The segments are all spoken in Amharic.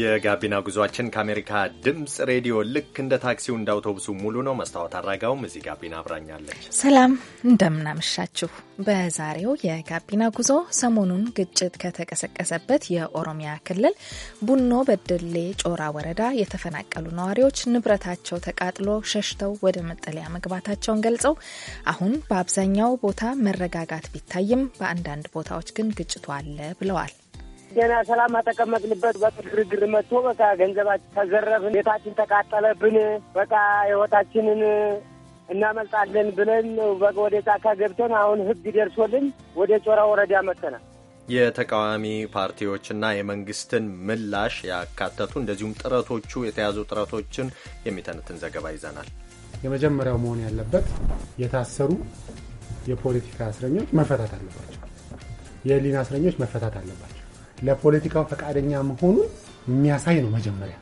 የጋቢና ጉዟችን ከአሜሪካ ድምፅ ሬዲዮ ልክ እንደ ታክሲው እንደ አውቶቡሱ ሙሉ ነው። መስታወት አድራጋውም እዚህ ጋቢና አብራኛለች። ሰላም እንደምናመሻችሁ። በዛሬው የጋቢና ጉዞ ሰሞኑን ግጭት ከተቀሰቀሰበት የኦሮሚያ ክልል ቡኖ በደሌ ጮራ ወረዳ የተፈናቀሉ ነዋሪዎች ንብረታቸው ተቃጥሎ ሸሽተው ወደ መጠለያ መግባታቸውን ገልጸው አሁን በአብዛኛው ቦታ መረጋጋት ቢታይም በአንዳንድ ቦታዎች ግን ግጭቱ አለ ብለዋል። ገና ሰላም አተቀመጥንበት በግርግር መጥቶ በቃ ገንዘባችን ተዘረፍን፣ ቤታችን ተቃጠለብን፣ በቃ ህይወታችንን እናመልጣለን ብለን ወደ ጫካ ገብተን አሁን ህግ ደርሶልን ወደ ጮራ ወረዳ መጥተናል። የተቃዋሚ ፓርቲዎችና የመንግስትን ምላሽ ያካተቱ እንደዚሁም ጥረቶቹ የተያዙ ጥረቶችን የሚተንትን ዘገባ ይዘናል። የመጀመሪያው መሆን ያለበት የታሰሩ የፖለቲካ እስረኞች መፈታት አለባቸው። የህሊና እስረኞች መፈታት አለባቸው። ለፖለቲካው ፈቃደኛ መሆኑን የሚያሳይ ነው። መጀመሪያ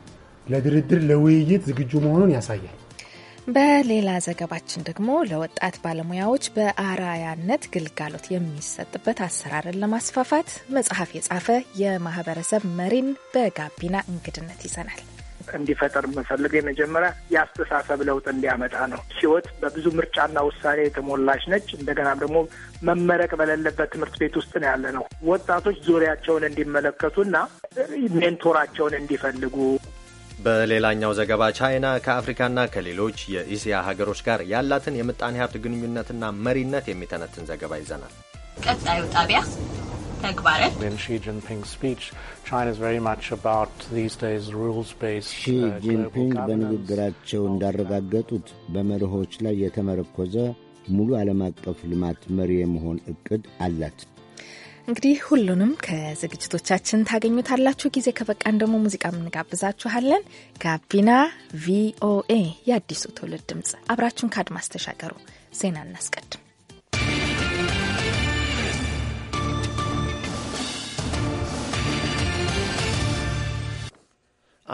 ለድርድር ለውይይት ዝግጁ መሆኑን ያሳያል። በሌላ ዘገባችን ደግሞ ለወጣት ባለሙያዎች በአራያነት ግልጋሎት የሚሰጥበት አሰራርን ለማስፋፋት መጽሐፍ የጻፈ የማህበረሰብ መሪን በጋቢና እንግድነት ይዘናል። እንዲፈጠር የምንፈልግ የመጀመሪያ የአስተሳሰብ ለውጥ እንዲያመጣ ነው። ህይወት በብዙ ምርጫና ውሳኔ የተሞላች ነች። እንደገና ደግሞ መመረቅ በሌለበት ትምህርት ቤት ውስጥ ነው ያለ ነው። ወጣቶች ዙሪያቸውን እንዲመለከቱና ሜንቶራቸውን እንዲፈልጉ በሌላኛው ዘገባ ቻይና ከአፍሪካና ከሌሎች የኢሲያ ሀገሮች ጋር ያላትን የምጣኔ ሀብት ግንኙነትና መሪነት የሚተነትን ዘገባ ይዘናል። ቀጣዩ ጣቢያ ተግባራት ሺ ጂንፒንግ በንግግራቸው እንዳረጋገጡት በመርሆች ላይ የተመረኮዘ ሙሉ ዓለም አቀፍ ልማት መሪ የመሆን እቅድ አላት። እንግዲህ ሁሉንም ከዝግጅቶቻችን ታገኙታላችሁ። ጊዜ ከበቃን ደግሞ ሙዚቃ እንጋብዛችኋለን። ጋቢና ቪኦኤ የአዲሱ ትውልድ ድምፅ፣ አብራችሁን ከአድማስ ተሻገሩ። ዜና እናስቀድም።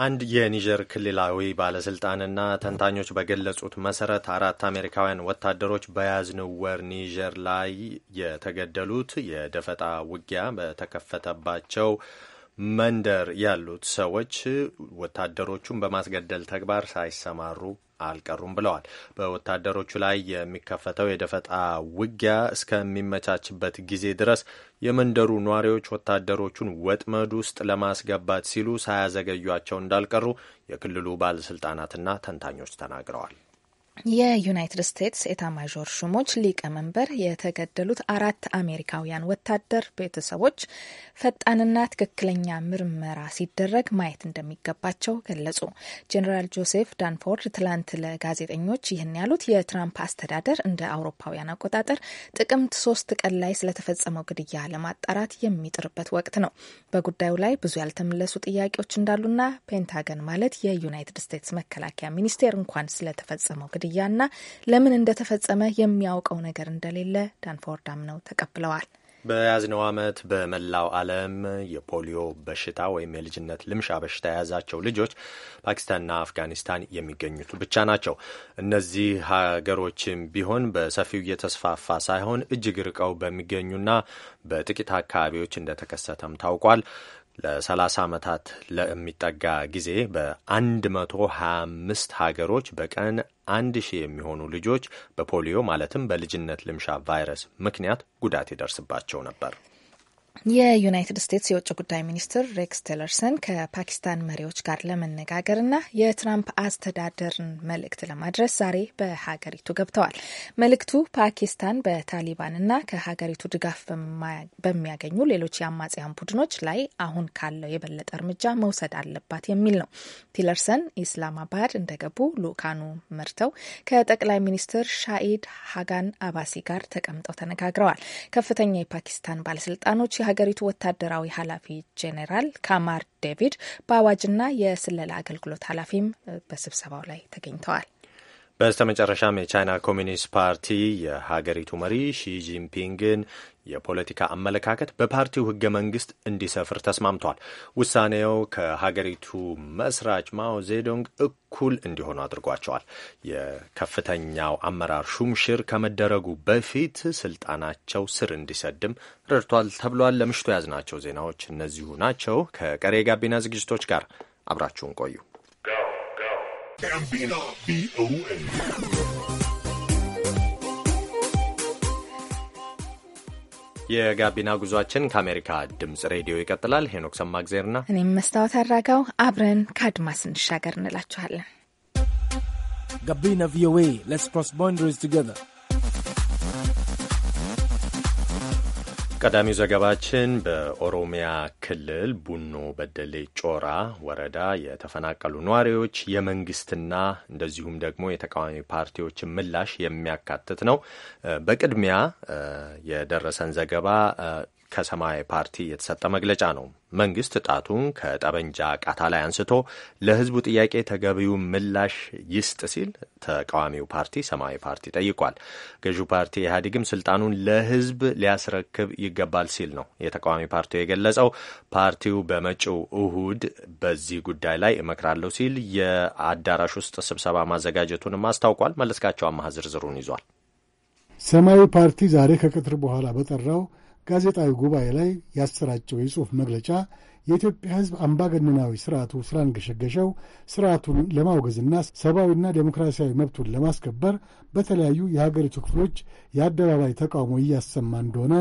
አንድ የኒጀር ክልላዊ ባለስልጣንና ተንታኞች በገለጹት መሰረት አራት አሜሪካውያን ወታደሮች በያዝነው ወር ኒጀር ላይ የተገደሉት የደፈጣ ውጊያ በተከፈተባቸው መንደር ያሉት ሰዎች ወታደሮቹን በማስገደል ተግባር ሳይሰማሩ አልቀሩም ብለዋል። በወታደሮቹ ላይ የሚከፈተው የደፈጣ ውጊያ እስከሚመቻችበት ጊዜ ድረስ የመንደሩ ነዋሪዎች ወታደሮቹን ወጥመድ ውስጥ ለማስገባት ሲሉ ሳያዘገዩቸው እንዳልቀሩ የክልሉ ባለስልጣናትና ተንታኞች ተናግረዋል። የዩናይትድ ስቴትስ ማዦር ሹሞች ሊቀመንበር የተገደሉት አራት አሜሪካውያን ወታደር ቤተሰቦች ፈጣንና ትክክለኛ ምርመራ ሲደረግ ማየት እንደሚገባቸው ገለጹ። ጀኔራል ጆሴፍ ዳንፎርድ ትላንት ለጋዜጠኞች ይህን ያሉት የትራምፕ አስተዳደር እንደ አውሮፓውያን አቆጣጠር ጥቅምት ሶስት ቀን ላይ ስለተፈጸመው ግድያ ለማጣራት የሚጥርበት ወቅት ነው። በጉዳዩ ላይ ብዙ ያልተመለሱ ጥያቄዎች እንዳሉና ፔንታገን ማለት የዩናይትድ ስቴትስ መከላከያ ሚኒስቴር እንኳን ስለተፈጸመው ግድያ ግድያና ለምን እንደተፈጸመ የሚያውቀው ነገር እንደሌለ ዳንፎርድ አምነው ተቀብለዋል። በያዝነው ዓመት በመላው ዓለም የፖሊዮ በሽታ ወይም የልጅነት ልምሻ በሽታ የያዛቸው ልጆች ፓኪስታንና አፍጋኒስታን የሚገኙት ብቻ ናቸው። እነዚህ ሀገሮችም ቢሆን በሰፊው እየተስፋፋ ሳይሆን እጅግ ርቀው በሚገኙና በጥቂት አካባቢዎች እንደተከሰተም ታውቋል። ለ30 ዓመታት ለሚጠጋ ጊዜ በ125 ሀገሮች በቀን አንድ ሺህ የሚሆኑ ልጆች በፖሊዮ ማለትም በልጅነት ልምሻ ቫይረስ ምክንያት ጉዳት ይደርስባቸው ነበር። የዩናይትድ ስቴትስ የውጭ ጉዳይ ሚኒስትር ሬክስ ቲለርሰን ከፓኪስታን መሪዎች ጋር ለመነጋገርና የትራምፕ አስተዳደርን መልእክት ለማድረስ ዛሬ በሀገሪቱ ገብተዋል። መልእክቱ ፓኪስታን በታሊባንና ከሀገሪቱ ድጋፍ በሚያገኙ ሌሎች የአማጽያን ቡድኖች ላይ አሁን ካለው የበለጠ እርምጃ መውሰድ አለባት የሚል ነው። ቴለርሰን ኢስላማባድ እንደገቡ ልኡካኑ መርተው ከጠቅላይ ሚኒስትር ሻኢድ ሀጋን አባሲ ጋር ተቀምጠው ተነጋግረዋል። ከፍተኛ የፓኪስታን ባለስልጣኖች የሀገሪቱ ወታደራዊ ኃላፊ ጄኔራል ካማር ዴቪድ በአዋጅና የስለላ አገልግሎት ኃላፊም በስብሰባው ላይ ተገኝተዋል። በስተ መጨረሻም የቻይና ኮሚኒስት ፓርቲ የሀገሪቱ መሪ ሺጂንፒንግን የፖለቲካ አመለካከት በፓርቲው ህገ መንግስት እንዲሰፍር ተስማምቷል። ውሳኔው ከሀገሪቱ መስራች ማኦ ዜዶንግ እኩል እንዲሆኑ አድርጓቸዋል። የከፍተኛው አመራር ሹምሽር ከመደረጉ በፊት ስልጣናቸው ስር እንዲሰድም ረድቷል ተብሏል። ለምሽቱ የያዝናቸው ዜናዎች እነዚሁ ናቸው። ከቀሬ የጋቢና ዝግጅቶች ጋር አብራችሁን ቆዩ። Gambino ቪኦኤ የጋቢና ጉዟችን ከአሜሪካ ድምጽ ሬዲዮ ይቀጥላል። ሄኖክ ሰማግዜርና እኔም መስታወት አድራጋው አብረን ከአድማስ እንሻገር እንላችኋለን። ጋቢና ቪኦኤ ሌትስ ክሮስ ባውንደሪስ ቱጌዘር ቀዳሚው ዘገባችን በኦሮሚያ ክልል ቡኖ በደሌ ጮራ ወረዳ የተፈናቀሉ ነዋሪዎች የመንግስትና እንደዚሁም ደግሞ የተቃዋሚ ፓርቲዎችን ምላሽ የሚያካትት ነው። በቅድሚያ የደረሰን ዘገባ ከሰማያዊ ፓርቲ የተሰጠ መግለጫ ነው። መንግስት ጣቱን ከጠበንጃ ቃታ ላይ አንስቶ ለህዝቡ ጥያቄ ተገቢው ምላሽ ይስጥ ሲል ተቃዋሚው ፓርቲ ሰማያዊ ፓርቲ ጠይቋል። ገዢው ፓርቲ ኢህአዴግም ስልጣኑን ለህዝብ ሊያስረክብ ይገባል ሲል ነው የተቃዋሚ ፓርቲው የገለጸው። ፓርቲው በመጪው እሁድ በዚህ ጉዳይ ላይ እመክራለሁ ሲል የአዳራሽ ውስጥ ስብሰባ ማዘጋጀቱንም አስታውቋል። መለስካቸው አማህ ዝርዝሩን ይዟል። ሰማያዊ ፓርቲ ዛሬ ከቅጥር በኋላ በጠራው ጋዜጣዊ ጉባኤ ላይ ያሰራጨው የጽሑፍ መግለጫ የኢትዮጵያ ሕዝብ አምባገነናዊ ስርዓቱ ስላንገሸገሸው ስርዓቱን ለማውገዝና ሰብአዊና ዴሞክራሲያዊ መብቱን ለማስከበር በተለያዩ የሀገሪቱ ክፍሎች የአደባባይ ተቃውሞ እያሰማ እንደሆነ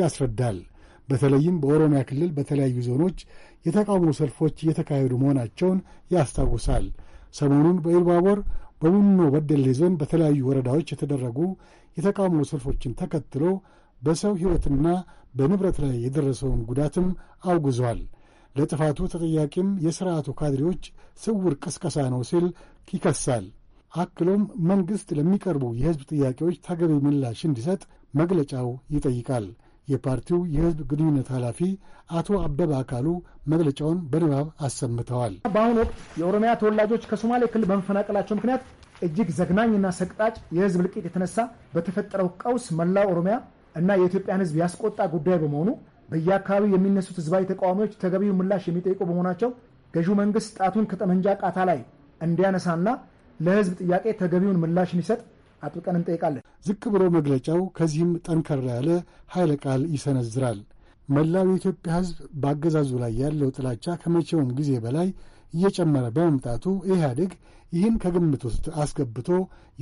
ያስረዳል። በተለይም በኦሮሚያ ክልል በተለያዩ ዞኖች የተቃውሞ ሰልፎች እየተካሄዱ መሆናቸውን ያስታውሳል። ሰሞኑን በኢልባቦር በቡኖ በደሌ ዞን በተለያዩ ወረዳዎች የተደረጉ የተቃውሞ ሰልፎችን ተከትሎ በሰው ሕይወትና በንብረት ላይ የደረሰውን ጉዳትም አውግዟል። ለጥፋቱ ተጠያቂም የሥርዓቱ ካድሬዎች ስውር ቅስቀሳ ነው ሲል ይከሳል። አክሎም መንግሥት ለሚቀርቡ የሕዝብ ጥያቄዎች ተገቢ ምላሽ እንዲሰጥ መግለጫው ይጠይቃል። የፓርቲው የሕዝብ ግንኙነት ኃላፊ አቶ አበበ አካሉ መግለጫውን በንባብ አሰምተዋል። በአሁኑ ወቅት የኦሮሚያ ተወላጆች ከሶማሌ ክልል በመፈናቀላቸው ምክንያት እጅግ ዘግናኝና ሰቅጣጭ የሕዝብ ልቂት የተነሳ በተፈጠረው ቀውስ መላው ኦሮሚያ እና የኢትዮጵያን ህዝብ ያስቆጣ ጉዳይ በመሆኑ በየአካባቢው የሚነሱት ህዝባዊ ተቃዋሚዎች ተገቢው ምላሽ የሚጠይቁ በመሆናቸው ገዢው መንግስት ጣቱን ከጠመንጃ ቃታ ላይ እንዲያነሳና ለህዝብ ጥያቄ ተገቢውን ምላሽ እንዲሰጥ አጥብቀን እንጠይቃለን። ዝቅ ብሎ መግለጫው ከዚህም ጠንከር ያለ ኃይለ ቃል ይሰነዝራል። መላው የኢትዮጵያ ህዝብ በአገዛዙ ላይ ያለው ጥላቻ ከመቼውም ጊዜ በላይ እየጨመረ በመምጣቱ ኢህአዴግ ይህን ከግምት ውስጥ አስገብቶ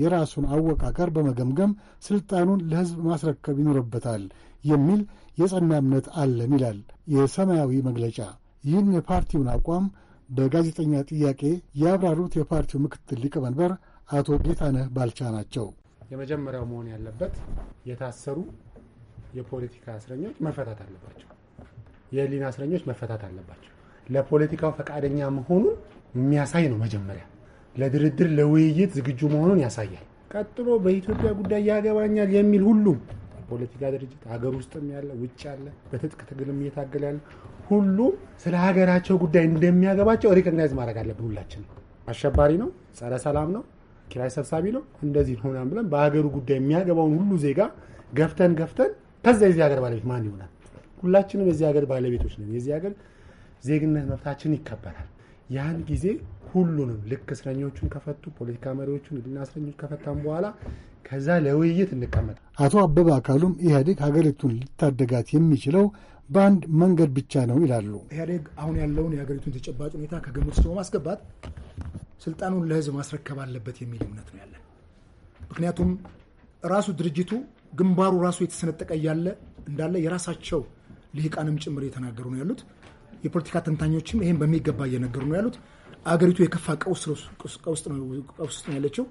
የራሱን አወቃቀር በመገምገም ስልጣኑን ለሕዝብ ማስረከብ ይኖርበታል የሚል የጸና እምነት አለን ይላል የሰማያዊ መግለጫ። ይህን የፓርቲውን አቋም በጋዜጠኛ ጥያቄ ያብራሩት የፓርቲው ምክትል ሊቀመንበር አቶ ጌታነህ ባልቻ ናቸው። የመጀመሪያው መሆን ያለበት የታሰሩ የፖለቲካ እስረኞች መፈታት አለባቸው። የህሊና እስረኞች መፈታት አለባቸው። ለፖለቲካው ፈቃደኛ መሆኑን የሚያሳይ ነው። መጀመሪያ ለድርድር ለውይይት ዝግጁ መሆኑን ያሳያል። ቀጥሎ በኢትዮጵያ ጉዳይ ያገባኛል የሚል ሁሉም ፖለቲካ ድርጅት ሀገር ውስጥም ያለ ውጭ ያለ በትጥቅ ትግልም እየታገለ ያለ ሁሉም ስለ ሀገራቸው ጉዳይ እንደሚያገባቸው ሪኮግናይዝ ማድረግ አለብን። ሁላችን አሸባሪ ነው፣ ጸረ ሰላም ነው፣ ኪራይ ሰብሳቢ ነው፣ እንደዚህ ሆናም ብለን በሀገሩ ጉዳይ የሚያገባውን ሁሉ ዜጋ ገፍተን ገፍተን ከዛ የዚህ ሀገር ባለቤት ማን ይሆናል? ሁላችንም የዚህ ሀገር ባለቤቶች ነን። የዚህ ሀገር ዜግነት መብታችን ይከበራል። ያን ጊዜ ሁሉንም ልክ እስረኞቹን ከፈቱ ፖለቲካ መሪዎቹን ልና እስረኞች ከፈታም በኋላ ከዛ ለውይይት እንቀመጥ። አቶ አበበ አካሉም ኢህአዴግ ሀገሪቱን ሊታደጋት የሚችለው በአንድ መንገድ ብቻ ነው ይላሉ። ኢህአዴግ አሁን ያለውን የሀገሪቱን ተጨባጭ ሁኔታ ከግምት ውስጥ በማስገባት ስልጣኑን ለህዝብ ማስረከብ አለበት የሚል እምነት ነው ያለን። ምክንያቱም ራሱ ድርጅቱ ግንባሩ ራሱ የተሰነጠቀ እያለ እንዳለ የራሳቸው ልሂቃንም ጭምር እየተናገሩ ነው ያሉት የፖለቲካ ተንታኞችም ይህን በሚገባ እየነገሩ ነው ያሉት። አገሪቱ የከፋ ቀውስ ውስጥ ነው ያለችው።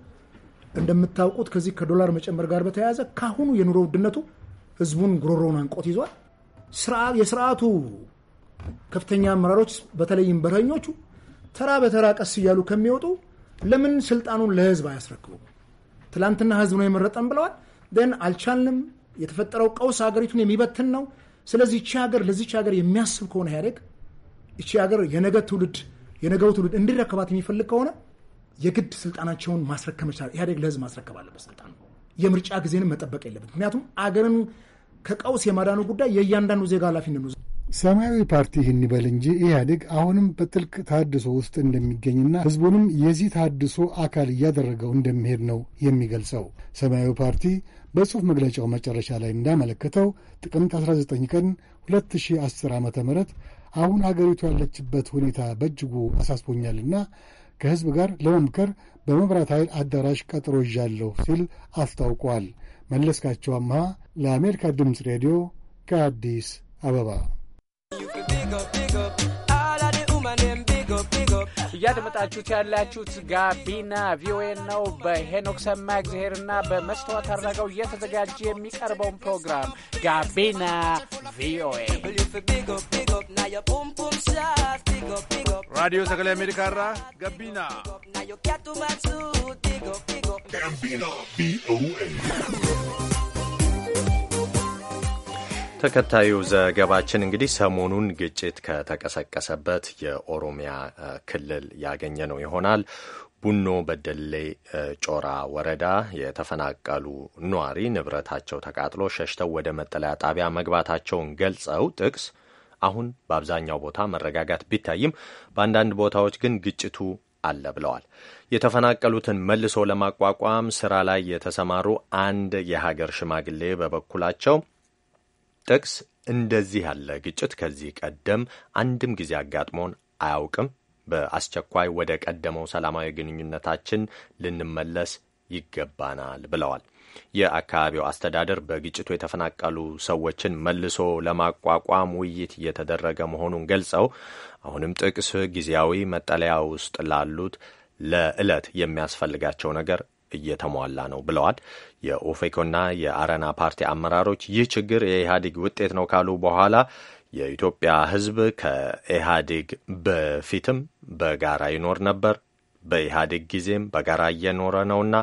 እንደምታውቁት ከዚህ ከዶላር መጨመር ጋር በተያያዘ ካሁኑ የኑሮ ውድነቱ ህዝቡን ጉሮሮውን አንቆት ይዟል። የስርዓቱ ከፍተኛ አመራሮች በተለይም በረኞቹ ተራ በተራ ቀስ እያሉ ከሚወጡ ለምን ስልጣኑን ለህዝብ አያስረክቡም? ትላንትና ህዝብ ነው የመረጠን ብለዋል። ደን አልቻልንም። የተፈጠረው ቀውስ ሀገሪቱን የሚበትን ነው። ስለዚህች ሀገር ለዚች ሀገር የሚያስብ ከሆነ ኢህአዴግ እቺ ሀገር የነገ ትውልድ የነገው ትውልድ እንዲረከባት የሚፈልግ ከሆነ የግድ ስልጣናቸውን ማስረከብ መቻል ኢህአዴግ ለህዝብ ማስረከብ አለበት ስልጣን። የምርጫ ጊዜንም መጠበቅ የለበት። ምክንያቱም አገርን ከቀውስ የማዳኑ ጉዳይ የእያንዳንዱ ዜጋ ኃላፊነት ነው። ሰማያዊ ፓርቲ ይህን ይበል እንጂ ኢህአዴግ አሁንም በጥልቅ ታድሶ ውስጥ እንደሚገኝና ህዝቡንም የዚህ ታድሶ አካል እያደረገው እንደሚሄድ ነው የሚገልጸው። ሰማያዊ ፓርቲ በጽሑፍ መግለጫው መጨረሻ ላይ እንዳመለከተው ጥቅምት 19 ቀን 2010 ዓ ም አሁን አገሪቱ ያለችበት ሁኔታ በእጅጉ አሳስቦኛልና ከህዝብ ጋር ለመምከር በመብራት ኃይል አዳራሽ ቀጥሮ ይዣለሁ ሲል አስታውቋል። መለስካቸው አምሃ ለአሜሪካ ድምፅ ሬዲዮ ከአዲስ አበባ እያደመጣችሁት ያላችሁት ጋቢና ቪኦኤ ነው። በሄኖክ ሰማ እግዚአብሔርና በመስተዋት አድረገው እየተዘጋጀ የሚቀርበውን ፕሮግራም ጋቢና ቪኦኤ ራዲዮ ሰገሌ አሜሪካ ራ ጋቢና ጋቢና ቪኦኤ ተከታዩ ዘገባችን እንግዲህ ሰሞኑን ግጭት ከተቀሰቀሰበት የኦሮሚያ ክልል ያገኘ ነው ይሆናል። ቡኖ በደሌ ጮራ ወረዳ የተፈናቀሉ ነዋሪ ንብረታቸው ተቃጥሎ ሸሽተው ወደ መጠለያ ጣቢያ መግባታቸውን ገልጸው ጥቅስ አሁን በአብዛኛው ቦታ መረጋጋት ቢታይም በአንዳንድ ቦታዎች ግን ግጭቱ አለ ብለዋል። የተፈናቀሉትን መልሶ ለማቋቋም ስራ ላይ የተሰማሩ አንድ የሀገር ሽማግሌ በበኩላቸው ጥቅስ እንደዚህ ያለ ግጭት ከዚህ ቀደም አንድም ጊዜ አጋጥሞን አያውቅም። በአስቸኳይ ወደ ቀደመው ሰላማዊ ግንኙነታችን ልንመለስ ይገባናል ብለዋል። የአካባቢው አስተዳደር በግጭቱ የተፈናቀሉ ሰዎችን መልሶ ለማቋቋም ውይይት እየተደረገ መሆኑን ገልጸው አሁንም ጥቅስ ጊዜያዊ መጠለያ ውስጥ ላሉት ለዕለት የሚያስፈልጋቸው ነገር እየተሟላ ነው ብለዋል። የኦፌኮና የአረና ፓርቲ አመራሮች ይህ ችግር የኢህአዴግ ውጤት ነው ካሉ በኋላ የኢትዮጵያ ሕዝብ ከኢህአዴግ በፊትም በጋራ ይኖር ነበር፣ በኢህአዴግ ጊዜም በጋራ እየኖረ ነውና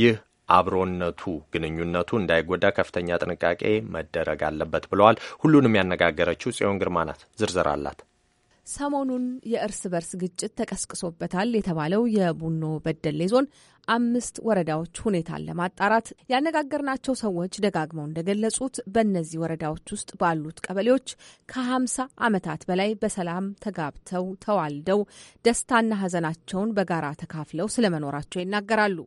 ይህ አብሮነቱ ግንኙነቱ እንዳይጎዳ ከፍተኛ ጥንቃቄ መደረግ አለበት ብለዋል። ሁሉንም ያነጋገረችው ጽዮን ግርማ ናት። ዝርዝር አላት። ሰሞኑን የእርስ በርስ ግጭት ተቀስቅሶበታል የተባለው የቡኖ በደሌ ዞን አምስት ወረዳዎች ሁኔታን ለማጣራት ያነጋገርናቸው ሰዎች ደጋግመው እንደገለጹት በእነዚህ ወረዳዎች ውስጥ ባሉት ቀበሌዎች ከሀምሳ ዓመታት በላይ በሰላም ተጋብተው ተዋልደው ደስታና ሀዘናቸውን በጋራ ተካፍለው ስለመኖራቸው ይናገራሉ።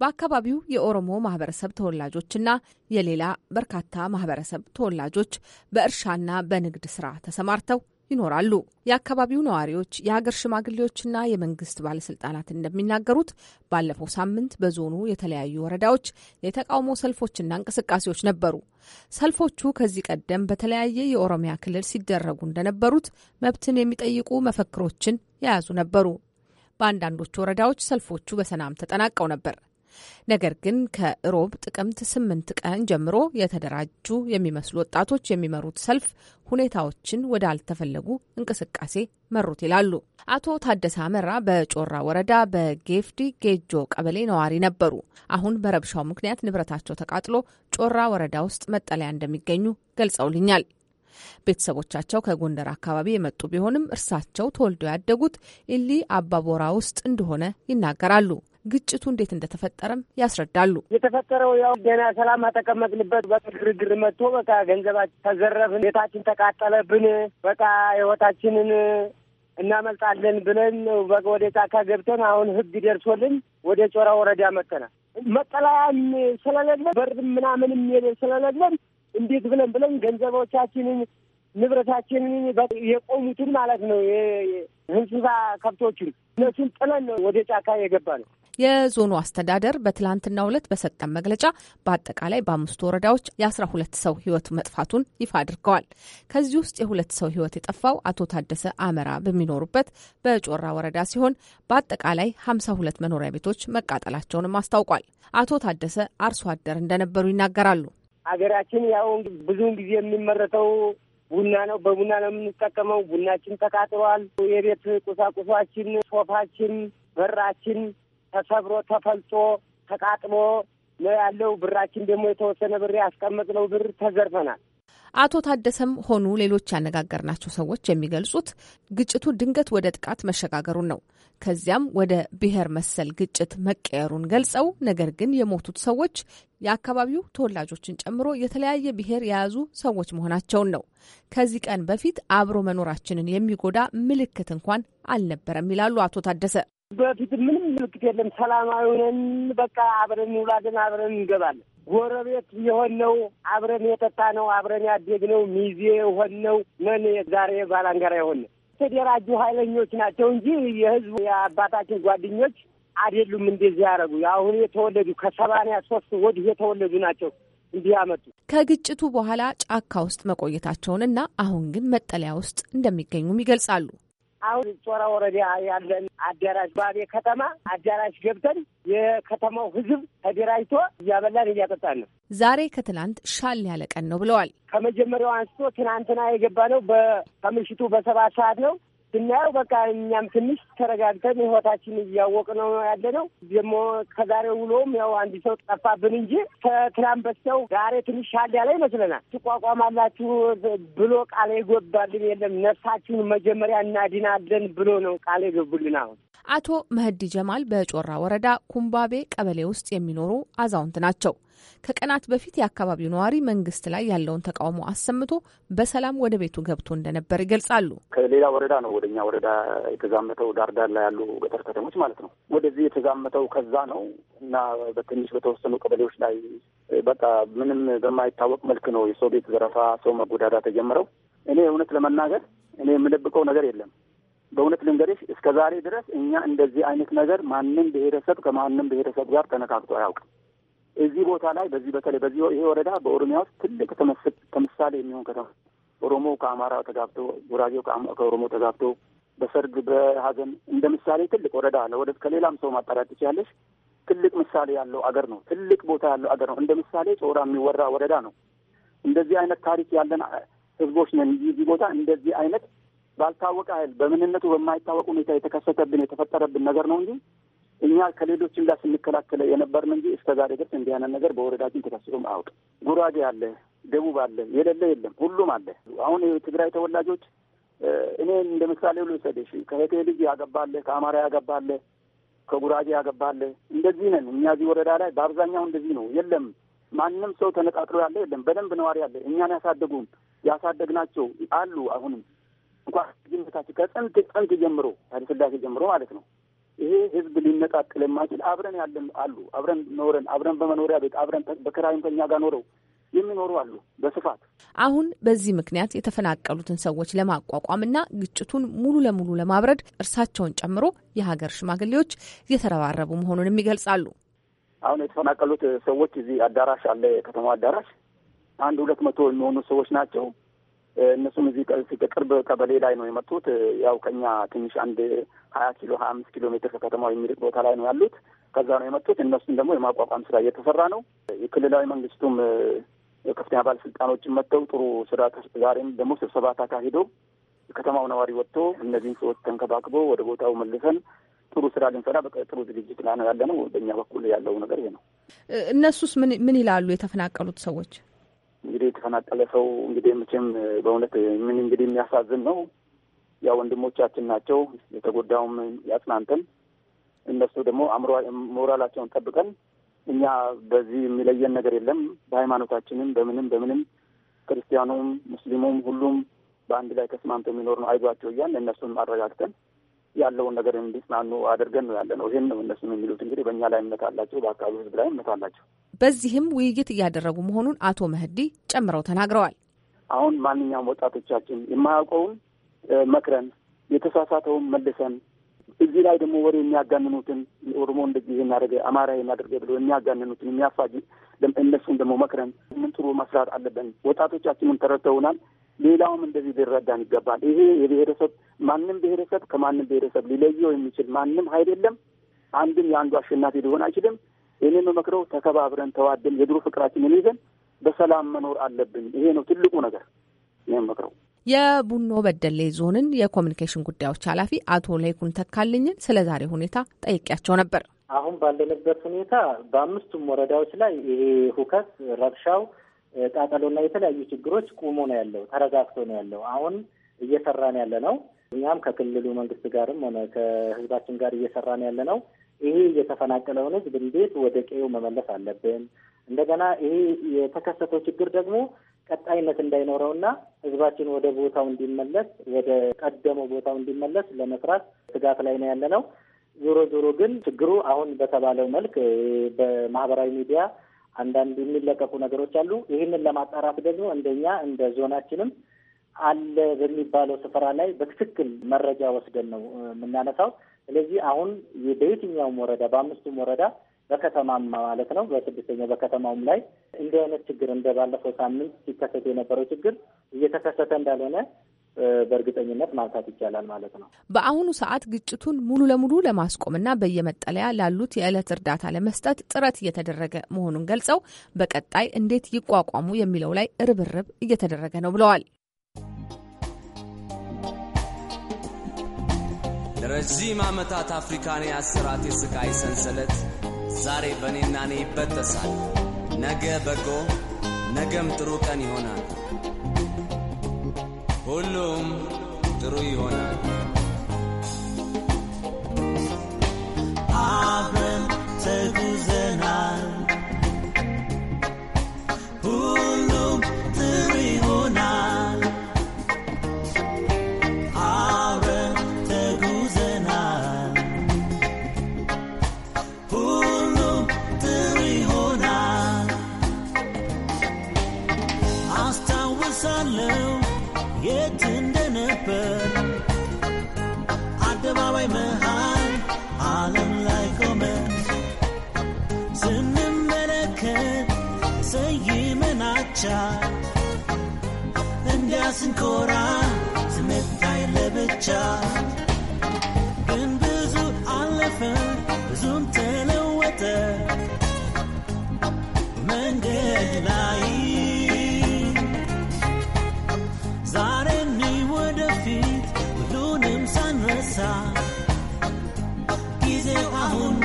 በአካባቢው የኦሮሞ ማህበረሰብ ተወላጆችና የሌላ በርካታ ማህበረሰብ ተወላጆች በእርሻና በንግድ ስራ ተሰማርተው ይኖራሉ። የአካባቢው ነዋሪዎች፣ የሀገር ሽማግሌዎችና የመንግስት ባለስልጣናት እንደሚናገሩት ባለፈው ሳምንት በዞኑ የተለያዩ ወረዳዎች የተቃውሞ ሰልፎችና እንቅስቃሴዎች ነበሩ። ሰልፎቹ ከዚህ ቀደም በተለያየ የኦሮሚያ ክልል ሲደረጉ እንደነበሩት መብትን የሚጠይቁ መፈክሮችን የያዙ ነበሩ። በአንዳንዶቹ ወረዳዎች ሰልፎቹ በሰላም ተጠናቀው ነበር። ነገር ግን ከእሮብ ጥቅምት ስምንት ቀን ጀምሮ የተደራጁ የሚመስሉ ወጣቶች የሚመሩት ሰልፍ ሁኔታዎችን ወዳልተፈለጉ እንቅስቃሴ መሩት ይላሉ። አቶ ታደሰ አመራ በጮራ ወረዳ በጌፍዲ ጌጆ ቀበሌ ነዋሪ ነበሩ። አሁን በረብሻው ምክንያት ንብረታቸው ተቃጥሎ ጮራ ወረዳ ውስጥ መጠለያ እንደሚገኙ ገልጸውልኛል። ቤተሰቦቻቸው ከጎንደር አካባቢ የመጡ ቢሆንም እርሳቸው ተወልደው ያደጉት ኢሊ አባቦራ ውስጥ እንደሆነ ይናገራሉ። ግጭቱ እንዴት እንደተፈጠረም ያስረዳሉ። የተፈጠረው ያው ገና ሰላም አተቀመጥንበት በግርግር መጥቶ በቃ ገንዘባችን ተዘረፍን፣ ቤታችን ተቃጠለብን፣ በቃ ህይወታችንን እናመልጣለን ብለን ወደ ጫካ ገብተን አሁን ህግ ደርሶልን ወደ ጮራ ወረዳ መጥተናል። መጠለያም ስለሌለን በር ምናምንም ስለሌለን እንዴት ብለን ብለን ገንዘቦቻችንን ንብረታችንን የቆሙትን ማለት ነው እንስሳ ከብቶችን እነሱን ጥለን ወደ ጫካ የገባ ነው። የዞኑ አስተዳደር በትላንትናው ዕለት በሰጠን መግለጫ በአጠቃላይ በአምስቱ ወረዳዎች የአስራ ሁለት ሰው ህይወት መጥፋቱን ይፋ አድርገዋል። ከዚህ ውስጥ የሁለት ሰው ህይወት የጠፋው አቶ ታደሰ አመራ በሚኖሩበት በጮራ ወረዳ ሲሆን በአጠቃላይ ሀምሳ ሁለት መኖሪያ ቤቶች መቃጠላቸውንም አስታውቋል። አቶ ታደሰ አርሶ አደር እንደነበሩ ይናገራሉ። ሀገራችን ያው ብዙውን ጊዜ የሚመረተው ቡና ነው። በቡና ነው የምንጠቀመው። ቡናችን ተቃጥሏል። የቤት ቁሳቁሳችን፣ ሶፋችን፣ በራችን ተሰብሮ ተፈልጦ ተቃጥሎ ነው ያለው። ብራችን ደግሞ የተወሰነ ብር ያስቀመጥነው ብር ተዘርፈናል። አቶ ታደሰም ሆኑ ሌሎች ያነጋገርናቸው ሰዎች የሚገልጹት ግጭቱ ድንገት ወደ ጥቃት መሸጋገሩን ነው። ከዚያም ወደ ብሔር መሰል ግጭት መቀየሩን ገልጸው ነገር ግን የሞቱት ሰዎች የአካባቢው ተወላጆችን ጨምሮ የተለያየ ብሔር የያዙ ሰዎች መሆናቸውን ነው። ከዚህ ቀን በፊት አብሮ መኖራችንን የሚጎዳ ምልክት እንኳን አልነበረም ይላሉ አቶ ታደሰ። በፊት ምንም ምልክት የለም። ሰላማዊ ነን፣ በቃ አብረን እንውላለን፣ አብረን እንገባለን ጎረቤት የሆነው አብረን የጠጣ ነው አብረን ያደግ ነው ሚዜ የሆነው ምን ዛሬ ባላንጋራ የሆነ የተደራጁ ኃይለኞች ናቸው እንጂ የህዝቡ የአባታችን ጓደኞች አይደሉም። እንደዚህ ያደረጉ አሁን የተወለዱ ከሰማንያ ሶስት ወዲህ የተወለዱ ናቸው እንዲህ ያመጡ። ከግጭቱ በኋላ ጫካ ውስጥ መቆየታቸውንና አሁን ግን መጠለያ ውስጥ እንደሚገኙም ይገልጻሉ። አሁን ጦራ ወረዳ ያለን አዳራሽ ባቤ ከተማ አዳራሽ ገብተን የከተማው ህዝብ ተደራጅቶ እያበላን እያጠጣን ነው። ዛሬ ከትናንት ሻል ያለ ቀን ነው ብለዋል። ከመጀመሪያው አንስቶ ትናንትና የገባ ነው። ከምሽቱ በሰባት ሰዓት ነው ብናየው በቃ እኛም ትንሽ ተረጋግተን ህይወታችን እያወቅ ነው ያለ ነው። ደግሞ ከዛሬ ውሎም ያው አንድ ሰው ጠፋብን እንጂ ከትናንት በስተው ዛሬ ትንሽ ሻል ያለ ይመስለናል። ትቋቋማላችሁ ብሎ ቃል የገባልን የለም። ነፍሳችሁን መጀመሪያ እናድናለን ብሎ ነው ቃል የገቡልን። አሁን አቶ መህዲ ጀማል በጮራ ወረዳ ኩምባቤ ቀበሌ ውስጥ የሚኖሩ አዛውንት ናቸው። ከቀናት በፊት የአካባቢው ነዋሪ መንግስት ላይ ያለውን ተቃውሞ አሰምቶ በሰላም ወደ ቤቱ ገብቶ እንደነበር ይገልጻሉ። ከሌላ ወረዳ ነው ወደኛ ወረዳ የተዛመተው፣ ዳርዳር ላይ ያሉ ገጠር ከተሞች ማለት ነው። ወደዚህ የተዛመተው ከዛ ነው እና በትንሽ በተወሰኑ ቀበሌዎች ላይ በቃ ምንም በማይታወቅ መልክ ነው የሰው ቤት ዘረፋ፣ ሰው መጎዳዳ ተጀምረው። እኔ እውነት ለመናገር እኔ የምደብቀው ነገር የለም። በእውነት ልንገሪሽ እስከ ዛሬ ድረስ እኛ እንደዚህ አይነት ነገር ማንም ብሔረሰብ ከማንም ብሔረሰብ ጋር ተነካክቶ አያውቅም። እዚህ ቦታ ላይ በዚህ በተለይ በዚህ ይሄ ወረዳ በኦሮሚያ ውስጥ ትልቅ ተምሳሌ የሚሆን ከተማ ኦሮሞ ከአማራ ተጋብቶ፣ ጉራጌው ከኦሮሞ ተጋብቶ በሰርግ በሀዘን እንደ ምሳሌ ትልቅ ወረዳ አለ። ወደ ከሌላም ሰው ማጣራት ትችያለሽ። ትልቅ ምሳሌ ያለው አገር ነው። ትልቅ ቦታ ያለው አገር ነው። እንደ ምሳሌ ጮራ የሚወራ ወረዳ ነው። እንደዚህ አይነት ታሪክ ያለን ህዝቦች ነን። እዚህ ቦታ እንደዚህ አይነት ባልታወቀ ኃይል በምንነቱ በማይታወቅ ሁኔታ የተከሰተብን የተፈጠረብን ነገር ነው እንጂ እኛ ከሌሎች ጋር ስንከላከለ የነበርን እንጂ እስከ ዛሬ ድረስ እንዲህ አይነት ነገር በወረዳችን ተከስቶም አያውቅም። ጉራጌ አለ፣ ደቡብ አለ፣ የሌለ የለም፣ ሁሉም አለ። አሁን የትግራይ ተወላጆች እኔ እንደ ምሳሌ ሰደሽ ከእህቴ ልጅ ያገባለ፣ ከአማራ ያገባለ፣ ከጉራጌ ያገባለ። እንደዚህ ነን እኛ እዚህ ወረዳ ላይ በአብዛኛው እንደዚህ ነው። የለም ማንም ሰው ተነቃቅሎ ያለ የለም። በደንብ ነዋሪ አለ። እኛን ያሳደጉን ያሳደግናቸው አሉ። አሁንም እንኳ ጅምታችን ከጥንት ጥንት ጀምሮ ኃይለ ሥላሴ ጀምሮ ማለት ነው ይሄ ህዝብ ሊነጣጥል የማይችል አብረን ያለን አሉ። አብረን ኖረን አብረን በመኖሪያ ቤት አብረን በክራይም ከኛ ጋር ኖረው የሚኖሩ አሉ በስፋት። አሁን በዚህ ምክንያት የተፈናቀሉትን ሰዎች ለማቋቋም እና ግጭቱን ሙሉ ለሙሉ ለማብረድ እርሳቸውን ጨምሮ የሀገር ሽማግሌዎች እየተረባረቡ መሆኑንም ይገልጻሉ። አሁን የተፈናቀሉት ሰዎች እዚህ አዳራሽ አለ፣ የከተማ አዳራሽ አንድ ሁለት መቶ የሚሆኑ ሰዎች ናቸው። እነሱም እዚህ ቅርብ ቀበሌ ላይ ነው የመጡት። ያው ከኛ ትንሽ አንድ ሀያ ኪሎ ሀያ አምስት ኪሎ ሜትር ከከተማው የሚርቅ ቦታ ላይ ነው ያሉት። ከዛ ነው የመጡት። እነሱም ደግሞ የማቋቋም ስራ እየተሰራ ነው። የክልላዊ መንግስቱም ከፍተኛ ባለስልጣኖችን መጥተው ጥሩ ስራ ዛሬም ደግሞ ስብሰባ ታካሂዶ ከተማው ነዋሪ ወጥቶ እነዚህን ሰዎች ተንከባክቦ ወደ ቦታው መልሰን ጥሩ ስራ ልንሰራ በጥሩ ዝግጅት ላይ ነው ያለ ነው። በእኛ በኩል ያለው ነገር ይሄ ነው። እነሱስ ምን ምን ይላሉ የተፈናቀሉት ሰዎች? እንግዲህ የተፈናቀለ ሰው እንግዲህ መቼም በእውነት ምን እንግዲህ የሚያሳዝን ነው። ያ ወንድሞቻችን ናቸው። የተጎዳውም ያጽናንተን፣ እነሱ ደግሞ ሞራላቸውን ጠብቀን። እኛ በዚህ የሚለየን ነገር የለም። በሃይማኖታችንም በምንም በምንም ክርስቲያኑም፣ ሙስሊሙም ሁሉም በአንድ ላይ ተስማምቶ የሚኖር ነው። አይዟቸው እያን እነሱን አረጋግተን ያለውን ነገር እንዲጽናኑ አድርገን ነው ያለ ነው። ይህን ነው እነሱም የሚሉት እንግዲህ በእኛ ላይ እምነት አላቸው፣ በአካባቢ ህዝብ ላይ እምነት አላቸው። በዚህም ውይይት እያደረጉ መሆኑን አቶ መህዲ ጨምረው ተናግረዋል። አሁን ማንኛውም ወጣቶቻችን የማያውቀውን መክረን የተሳሳተውን መልሰን እዚህ ላይ ደግሞ ወደ የሚያጋንኑትን ኦሮሞ እንደዚህ እናደርገ አማራ እናደርገ ብሎ የሚያጋንኑትን የሚያፋጅ እነሱን ደግሞ መክረን ምን ጥሩ መስራት አለብን። ወጣቶቻችንም ተረድተውናል። ሌላውም እንደዚህ ሊረዳን ይገባል። ይሄ የብሔረሰብ ማንም ብሔረሰብ ከማንም ብሔረሰብ ሊለየው የሚችል ማንም ኃይል የለም። አንድም የአንዱ አሸናፊ ሊሆን አይችልም። እኔ የምመክረው ተከባብረን ተዋደን የድሮ ፍቅራችንን ይዘን በሰላም መኖር አለብን። ይሄ ነው ትልቁ ነገር የምመክረው። የቡኖ በደሌ ዞንን የኮሚኒኬሽን ጉዳዮች ኃላፊ አቶ ላይኩን ተካልኝን ስለ ዛሬ ሁኔታ ጠይቄያቸው ነበር። አሁን ባለንበት ሁኔታ በአምስቱም ወረዳዎች ላይ ይሄ ሁከት፣ ረብሻው፣ ቃጠሎና የተለያዩ ችግሮች ቁሞ ነው ያለው፣ ተረጋግቶ ነው ያለው። አሁን እየሰራን ያለ ነው። እኛም ከክልሉ መንግስት ጋርም ሆነ ከህዝባችን ጋር እየሰራን ያለ ነው። ይሄ የተፈናቀለውን ህዝብ እንዴት ወደ ቀዬው መመለስ አለብን። እንደገና ይሄ የተከሰተው ችግር ደግሞ ቀጣይነት እንዳይኖረውና ህዝባችን ወደ ቦታው እንዲመለስ ወደ ቀደመው ቦታው እንዲመለስ ለመስራት ስጋት ላይ ነው ያለ ነው። ዞሮ ዞሮ ግን ችግሩ አሁን በተባለው መልክ በማህበራዊ ሚዲያ አንዳንድ የሚለቀቁ ነገሮች አሉ። ይህንን ለማጣራት ደግሞ እንደኛ እንደ ዞናችንም አለ በሚባለው ስፍራ ላይ በትክክል መረጃ ወስደን ነው የምናነሳው። ስለዚህ አሁን በየትኛውም ወረዳ በአምስቱም ወረዳ በከተማም ማለት ነው በስድስተኛው በከተማውም ላይ እንዲህ አይነት ችግር እንደ ባለፈው ሳምንት ሲከሰት የነበረው ችግር እየተከሰተ እንዳልሆነ በእርግጠኝነት ማንሳት ይቻላል ማለት ነው። በአሁኑ ሰዓት ግጭቱን ሙሉ ለሙሉ ለማስቆምና በየመጠለያ ላሉት የዕለት እርዳታ ለመስጠት ጥረት እየተደረገ መሆኑን ገልጸው በቀጣይ እንዴት ይቋቋሙ የሚለው ላይ ርብርብ እየተደረገ ነው ብለዋል። ለረዥም ዓመታት አፍሪካን የአስራት የሥቃይ ሰንሰለት ዛሬ በእኔና እኔ ይበጠሳል። ነገ በጎ ነገም ጥሩ ቀን ይሆናል። ሁሉም ጥሩ ይሆናል። አብረን ተጉዘናል። አስታውሳለሁ የት እንደነበር አደባባይ መሃል ዓለም ላይ ቆመን ስንመለከት ሰይመናቻል እንዲያ ስንኮራ ስንታይ ለብቻ ግን ብዙ አለፈ ብዙም ተለወጠ መንገድ ላይ ጊዜው አሁን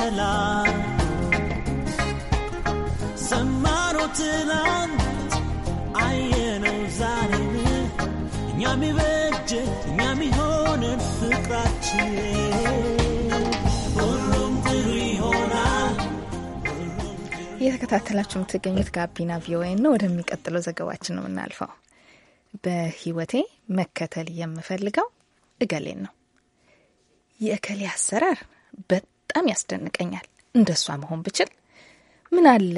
ሰላም እየተከታተላችሁ የምትገኙት ጋቢና ቪኦኤ ነው። ወደሚቀጥለው ዘገባችን ነው የምናልፈው። በህይወቴ መከተል የምፈልገው እገሌን ነው። የእከሌ አሰራር በጣም ያስደንቀኛል። እንደሷ መሆን ብችል ምን አለ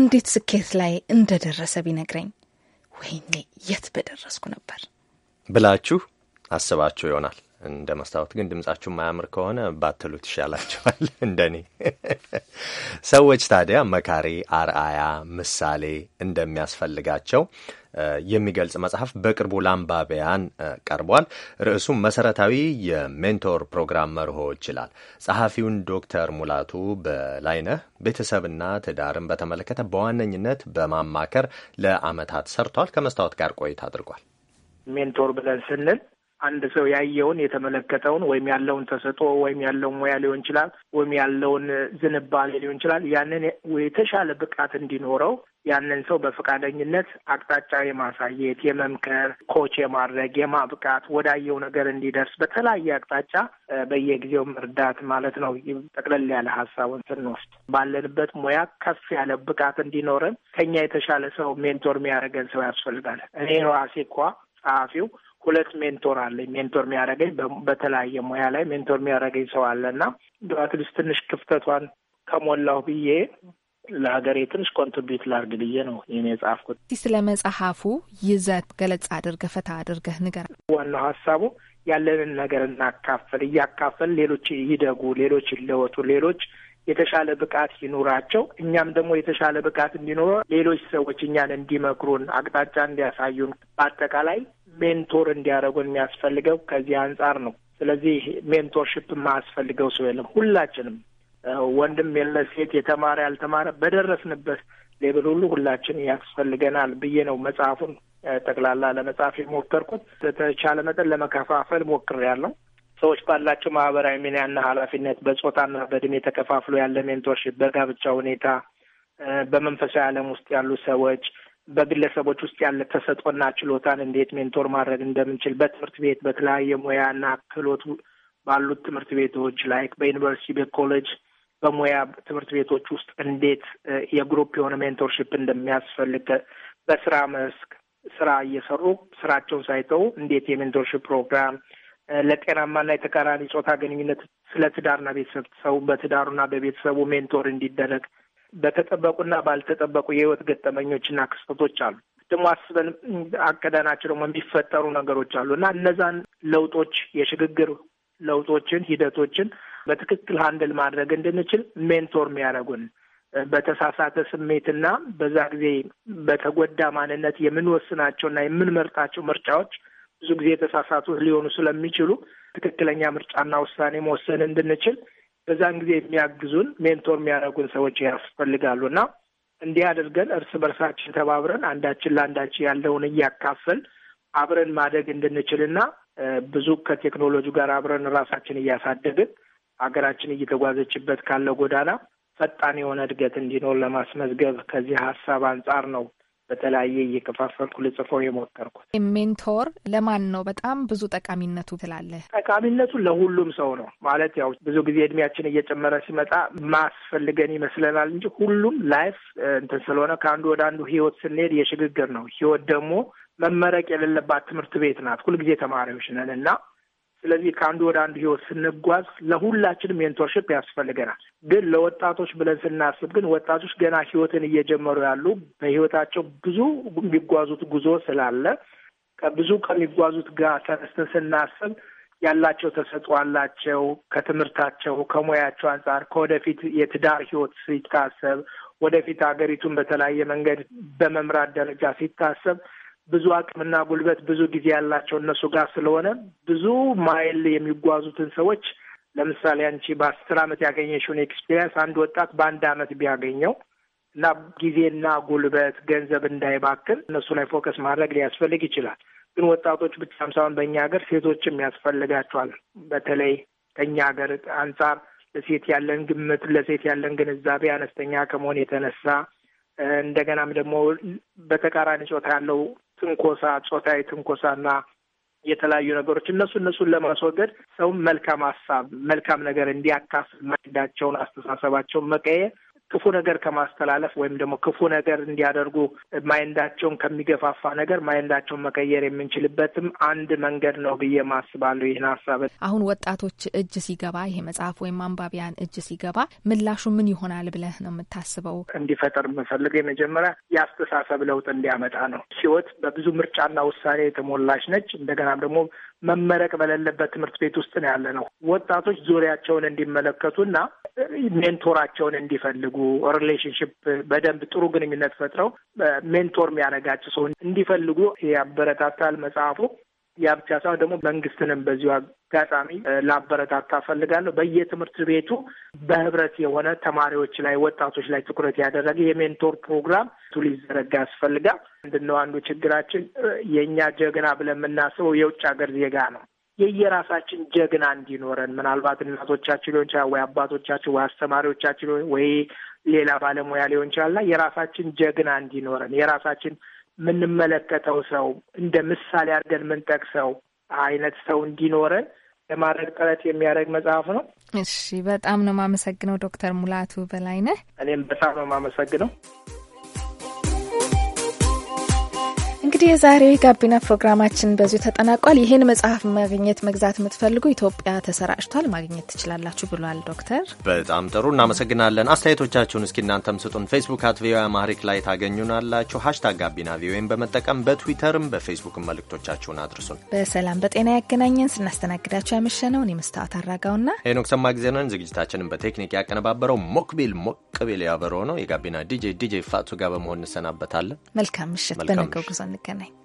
እንዴት ስኬት ላይ እንደደረሰ ቢነግረኝ፣ ወይኔ የት በደረስኩ ነበር ብላችሁ አስባችሁ ይሆናል። እንደ መስታወት ግን ድምጻችሁ ማያምር ከሆነ ባትሉት ይሻላችኋል። እንደኔ ሰዎች ታዲያ መካሪ፣ አርአያ፣ ምሳሌ እንደሚያስፈልጋቸው የሚገልጽ መጽሐፍ በቅርቡ ለአንባቢያን ቀርቧል። ርዕሱም መሰረታዊ የሜንቶር ፕሮግራም መርሆች ይላል። ጸሐፊውን ዶክተር ሙላቱ በላይነህ ቤተሰብና ትዳርን በተመለከተ በዋነኝነት በማማከር ለአመታት ሰርቷል። ከመስታወት ጋር ቆይታ አድርጓል። ሜንቶር ብለን ስንል አንድ ሰው ያየውን የተመለከተውን ወይም ያለውን ተሰጦ ወይም ያለውን ሙያ ሊሆን ይችላል ወይም ያለውን ዝንባሌ ሊሆን ይችላል ያንን የተሻለ ብቃት እንዲኖረው ያንን ሰው በፈቃደኝነት አቅጣጫ የማሳየት የመምከር፣ ኮች የማድረግ፣ የማብቃት ወዳየው ነገር እንዲደርስ በተለያየ አቅጣጫ በየጊዜው መርዳት ማለት ነው። ጠቅለል ያለ ሀሳቡን ስንወስድ ባለንበት ሙያ ከፍ ያለ ብቃት እንዲኖረን ከኛ የተሻለ ሰው ሜንቶር የሚያደርገን ሰው ያስፈልጋል። እኔ ራሴ እኳ ጸሐፊው ሁለት ሜንቶር አለኝ። ሜንቶር የሚያደርገኝ በተለያየ ሙያ ላይ ሜንቶር የሚያደርገኝ ሰው አለ እና አትሊስት ትንሽ ክፍተቷን ከሞላሁ ብዬ ለሀገሬ ትንሽ ኮንትሪቢዩት ላርግ ብዬ ነው ይህን የጻፍኩት። ስለ መጽሐፉ ይዘት ገለጻ አድርገህ ፈታ አድርገህ ንገር። ዋናው ሀሳቡ ያለንን ነገር እናካፈል፣ እያካፈል ሌሎች ይደጉ፣ ሌሎች ይለወጡ፣ ሌሎች የተሻለ ብቃት ይኑራቸው። እኛም ደግሞ የተሻለ ብቃት እንዲኖረ ሌሎች ሰዎች እኛን እንዲመክሩን፣ አቅጣጫ እንዲያሳዩን፣ በአጠቃላይ ሜንቶር እንዲያደርጉን የሚያስፈልገው ከዚህ አንጻር ነው። ስለዚህ ሜንቶርሽፕ የማያስፈልገው ሰው የለም። ሁላችንም ወንድም የለ ሴት፣ የተማረ ያልተማረ፣ በደረስንበት ሌብል ሁሉ ሁላችን ያስፈልገናል ብዬ ነው መጽሐፉን ጠቅላላ ለመጽሐፍ የሞከርኩት። በተቻለ መጠን ለመከፋፈል ሞክሬያለሁ። ሰዎች ባላቸው ማህበራዊ ሚናና ኃላፊነት በጾታና በእድሜ ተከፋፍሎ ያለ ሜንቶርሽፕ፣ በጋብቻ ሁኔታ፣ በመንፈሳዊ ዓለም ውስጥ ያሉ ሰዎች፣ በግለሰቦች ውስጥ ያለ ተሰጦና ችሎታን እንዴት ሜንቶር ማድረግ እንደምንችል በትምህርት ቤት በተለያየ ሙያና ክህሎት ባሉት ትምህርት ቤቶች ላይክ በዩኒቨርሲቲ በኮሌጅ በሙያ ትምህርት ቤቶች ውስጥ እንዴት የግሩፕ የሆነ ሜንቶርሽፕ እንደሚያስፈልግ በስራ መስክ ስራ እየሰሩ ስራቸውን ሳይተው እንዴት የሜንቶርሽፕ ፕሮግራም ለጤናማና የተቃራኒ ጾታ ግንኙነት ስለ ትዳርና ቤተሰብ ሰው በትዳሩና በቤተሰቡ ሜንቶር እንዲደረግ በተጠበቁና ባልተጠበቁ የህይወት ገጠመኞችና ክስተቶች አሉ። ደግሞ አስበን አቅደናቸው ደግሞ የሚፈጠሩ ነገሮች አሉ እና እነዛን ለውጦች የሽግግር ለውጦችን ሂደቶችን በትክክል ሀንድል ማድረግ እንድንችል ሜንቶር የሚያደርጉን በተሳሳተ ስሜትና በዛ ጊዜ በተጎዳ ማንነት የምንወስናቸውና የምንመርጣቸው ምርጫዎች ብዙ ጊዜ የተሳሳቱ ሊሆኑ ስለሚችሉ ትክክለኛ ምርጫና ውሳኔ መወሰን እንድንችል በዛን ጊዜ የሚያግዙን ሜንቶር የሚያደርጉን ሰዎች ያስፈልጋሉ እና እንዲህ አድርገን እርስ በርሳችን ተባብረን አንዳችን ለአንዳችን ያለውን እያካፈል አብረን ማደግ እንድንችልና ብዙ ከቴክኖሎጂ ጋር አብረን ራሳችን እያሳደግን ሀገራችን እየተጓዘችበት ካለው ጎዳና ፈጣን የሆነ እድገት እንዲኖር ለማስመዝገብ ከዚህ ሀሳብ አንጻር ነው በተለያየ እየከፋፈልኩ ልጽፈው የሞከርኩት። ሜንቶር ለማን ነው? በጣም ብዙ ጠቃሚነቱ ትላለህ? ጠቃሚነቱ ለሁሉም ሰው ነው ማለት ያው ብዙ ጊዜ እድሜያችን እየጨመረ ሲመጣ ማስፈልገን ይመስለናል እንጂ ሁሉም ላይፍ እንትን ስለሆነ ከአንዱ ወደ አንዱ ህይወት ስንሄድ የሽግግር ነው። ህይወት ደግሞ መመረቅ የሌለባት ትምህርት ቤት ናት። ሁልጊዜ ተማሪዎች ነን እና ስለዚህ ከአንዱ ወደ አንዱ ህይወት ስንጓዝ ለሁላችንም ሜንቶርሽፕ ያስፈልገናል። ግን ለወጣቶች ብለን ስናስብ ግን ወጣቶች ገና ህይወትን እየጀመሩ ያሉ በህይወታቸው ብዙ የሚጓዙት ጉዞ ስላለ ከብዙ ከሚጓዙት ጋር ተነስተን ስናስብ ያላቸው ተሰጥኦ አላቸው። ከትምህርታቸው፣ ከሙያቸው አንጻር ከወደፊት የትዳር ህይወት ሲታሰብ፣ ወደፊት ሀገሪቱን በተለያየ መንገድ በመምራት ደረጃ ሲታሰብ ብዙ አቅምና ጉልበት ብዙ ጊዜ ያላቸው እነሱ ጋር ስለሆነ ብዙ ማይል የሚጓዙትን ሰዎች ለምሳሌ አንቺ በአስር ዓመት ያገኘሽውን ኤክስፒሪየንስ አንድ ወጣት በአንድ አመት ቢያገኘው እና ጊዜና ጉልበት ገንዘብ እንዳይባክን እነሱ ላይ ፎከስ ማድረግ ሊያስፈልግ ይችላል። ግን ወጣቶች ብቻም ሳይሆን በእኛ ሀገር ሴቶችም ያስፈልጋቸዋል። በተለይ ከእኛ ሀገር አንጻር ለሴት ያለን ግምት ለሴት ያለን ግንዛቤ አነስተኛ ከመሆን የተነሳ እንደገናም ደግሞ በተቃራኒ ጾታ ያለው ትንኮሳ፣ ጾታዊ ትንኮሳና የተለያዩ ነገሮች እነሱ እነሱን ለማስወገድ ሰውም መልካም ሀሳብ መልካም ነገር እንዲያካፍል መንዳቸውን አስተሳሰባቸውን መቀየር ክፉ ነገር ከማስተላለፍ ወይም ደግሞ ክፉ ነገር እንዲያደርጉ ማይንዳቸውን ከሚገፋፋ ነገር ማይንዳቸውን መቀየር የምንችልበትም አንድ መንገድ ነው ብዬ ማስባለሁ። ይህን ሀሳብ አሁን ወጣቶች እጅ ሲገባ ይሄ መጽሐፍ ወይም አንባቢያን እጅ ሲገባ ምላሹ ምን ይሆናል ብለህ ነው የምታስበው? እንዲፈጠር የምፈልገው የመጀመሪያ የአስተሳሰብ ለውጥ እንዲያመጣ ነው። ህይወት በብዙ ምርጫና ውሳኔ የተሞላች ነች። እንደገናም ደግሞ መመረቅ በሌለበት ትምህርት ቤት ውስጥ ነው ያለ ነው። ወጣቶች ዙሪያቸውን እንዲመለከቱና ሜንቶራቸውን እንዲፈልጉ ሪሌሽንሽፕ በደንብ ጥሩ ግንኙነት ፈጥረው ሜንቶር የሚያደርጋቸው ሰው እንዲፈልጉ ያበረታታል መጽሐፉ። ያ ብቻ ሳይሆን ደግሞ መንግስትንም በዚሁ አጋጣሚ ላበረታታ ፈልጋለሁ። በየትምህርት ቤቱ በህብረት የሆነ ተማሪዎች ላይ ወጣቶች ላይ ትኩረት ያደረገ የሜንቶር ፕሮግራም ቱ ሊዘረጋ ያስፈልጋል። ምንድነው አንዱ ችግራችን የእኛ ጀግና ብለን የምናስበው የውጭ ሀገር ዜጋ ነው። የየራሳችን ጀግና እንዲኖረን ምናልባት እናቶቻችን ሊሆን ይችላል፣ ወይ አባቶቻችን፣ ወይ አስተማሪዎቻችን፣ ወይ ሌላ ባለሙያ ሊሆን ይችላልና የራሳችን ጀግና እንዲኖረን የራሳችን የምንመለከተው ሰው እንደ ምሳሌ አድርገን የምንጠቅሰው አይነት ሰው እንዲኖረን ለማድረግ ጥረት የሚያደርግ መጽሐፍ ነው። እሺ፣ በጣም ነው የማመሰግነው ዶክተር ሙላቱ በላይነህ። እኔም በጣም ነው የማመሰግነው። እንግዲህ የዛሬ ጋቢና ፕሮግራማችን በዚሁ ተጠናቋል። ይህን መጽሐፍ ማግኘት መግዛት የምትፈልጉ ኢትዮጵያ ተሰራጭቷል፣ ማግኘት ትችላላችሁ ብሏል ዶክተር። በጣም ጥሩ እናመሰግናለን። አስተያየቶቻችሁን እስኪ እናንተም ስጡን። ፌስቡክ አት ቪኦኤ አማሪክ ላይ ታገኙናላችሁ። ሀሽታግ ጋቢና ቪኦኤን በመጠቀም በትዊተርም በፌስቡክም መልእክቶቻችሁን አድርሱን። በሰላም በጤና ያገናኘን። ስናስተናግዳችሁ ያመሸነውን የመስታወት አራጋውና ሄኖክ ሰማ ጊዜ ነን። ዝግጅታችንን በቴክኒክ ያቀነባበረው ሞክቢል ሞቅቢል ያበረው ነው። የጋቢና ዲጄ ዲጄ ፋቱ ጋር በመሆን እንሰናበታለን። መልካም ምሽት። በነገው ጉዞ conecten ahí.